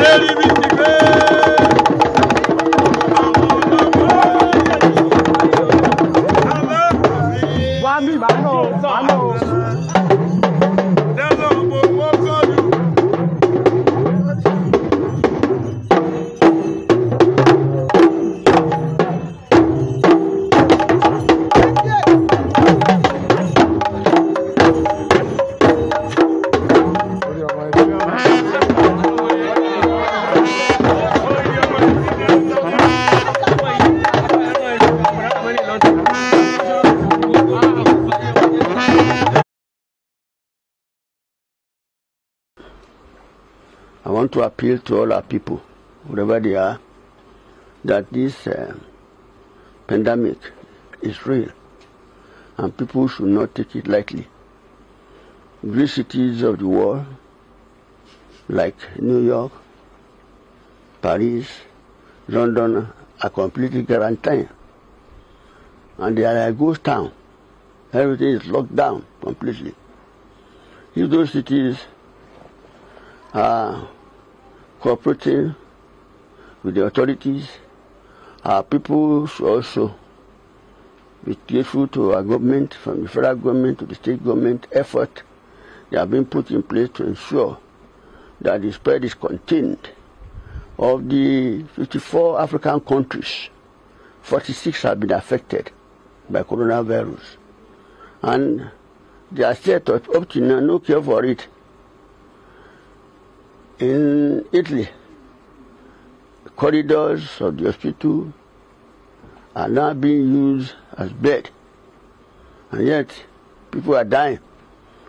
Ele me want to appeal to all our people, wherever they are, that this uh, pandemic is real and people should not take it lightly. Great cities of the world, like New York, Paris, London, are completely quarantined. And they are a ghost town. Everything is locked down completely. If those cities are cooperating with the authorities. Our people should also be grateful to our government, from the federal government to the state government, effort that have been put in place to ensure that the spread is contained. Of the 54 African countries, 46 have been affected by coronavirus. And they are set up to now, no cure for it in Italy. Corridors of the hospital are now being used as bed, and yet people are dying.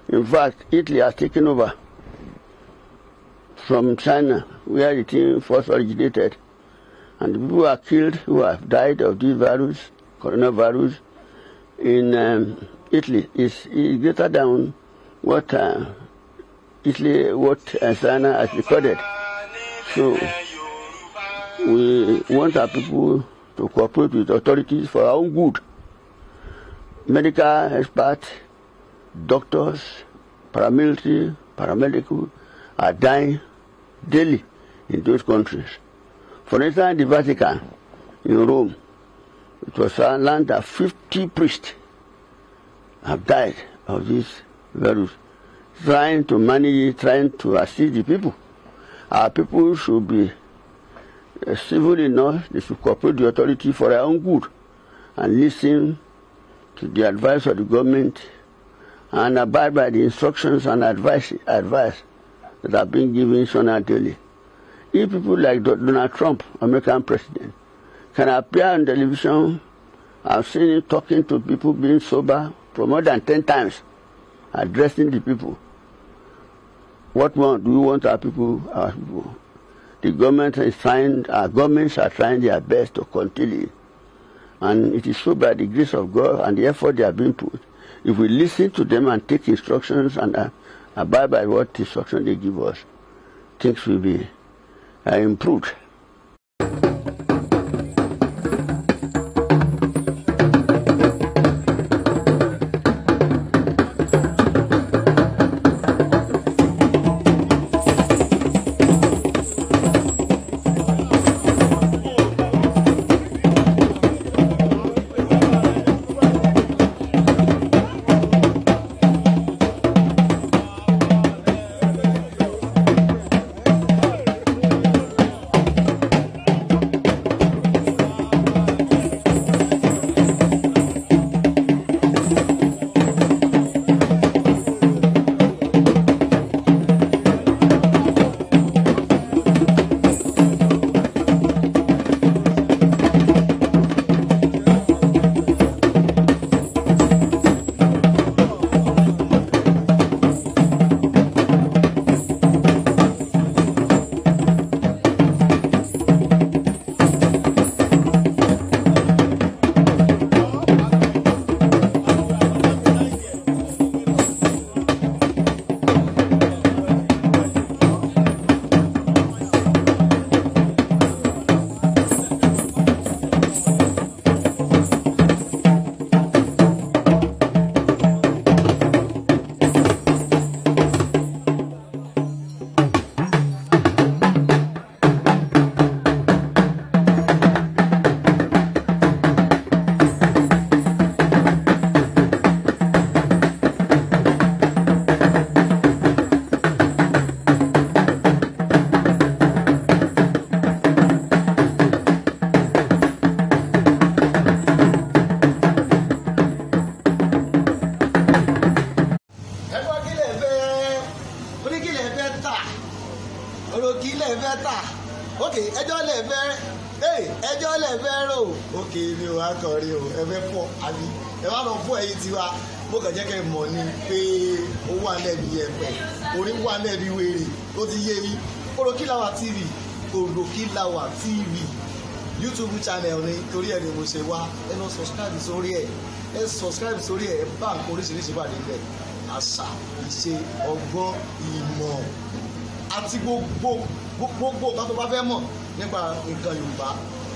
In fact, Italy has taken over from China, where the thing first originated, and people are killed who have died of this virus, coronavirus, in um, Italy is, is greater than what. Uh, Italy what Ensana has recorded. So we want our people to cooperate with authorities for our own good. Medical experts, doctors, paramilitary, paramedical are dying daily in those countries. For instance, the Vatican in Rome, it was learned that 50 priests have died of this virus trying to manage, trying to assist the people. Our people should be uh, civil enough, they should cooperate the authority for their own good and listen to the advice of the government and abide by the instructions and advice, advice that have been given Shona daily. If people like Donald Trump, American president, can appear on television, I've seen him talking to people being sober for more than 10 times, addressing the people. What one do you want our people, our people? The government is trying, our governments are trying their best to contain it. And it is so by the grace of God and the effort they have been put. If we listen to them and take instructions and uh, abide by what instruction they give us, things will be uh, improved. lẹ́fẹ́ ẹjọ́ lẹ́fẹ́ rò òkè mi ò wá kọrin o ẹ fẹ́ fọ́ àbí ẹ wá lọ fún ẹyin tiwa mo kàn jẹ́ kẹ́ ẹ mọ̀ ni pé ó wà lẹ́bi ẹ̀pẹ̀ orí wà lẹ́bi wèrè ó ti yé yín Orokilawa TV Orokilawa TV YouTube channel ni torí ẹ̀ ni mo ṣe wá ẹ lọ subscribe sórí ẹ̀ ẹ subscribe sórí ẹ̀ ẹ bank. nǹkan oríṣiríṣi wà níbẹ̀ àṣà ìṣe ọgbọ́n ìmọ̀ àti gbogbo gbogbo nǹkan tó bá fẹ́ mọ̀ nípa nǹkan Yorùbá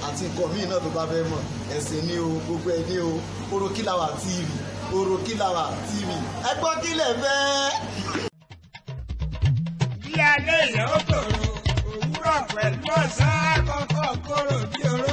àti nǹkan míì náà tó bá fẹ́ mọ̀ ẹ̀sìn ni o gbogbo ẹ̀ ní o Orokilawa TV Orokilawa TV ẹ gbọ́ kí lẹ̀ fẹ́. bí alẹ́ ìyàwó tòrò òwúrọ̀ pẹ̀lú ọ̀sán àkọ́kọ́ kóró bí oró.